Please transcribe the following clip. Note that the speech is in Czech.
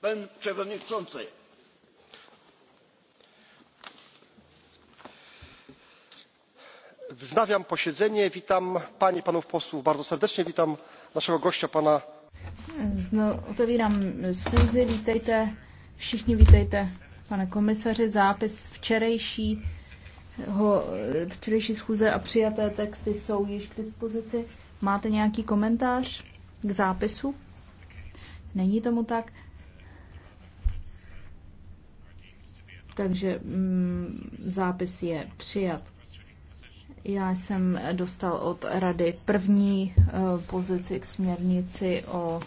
Pan przewodniczący. Wznawiam posiedzenie. Witam panie i panów posłów bardzo serdecznie. Witam naszego gościa pana. otevírám schůzi. Vítejte všichni, vítejte pane komisaři. Zápis včerejší včerejší schůze a přijaté texty jsou již k dispozici. Máte nějaký komentář k zápisu? Není tomu tak. Takže mm, zápis je přijat. Já jsem dostal od rady první eh, pozici k směrnici o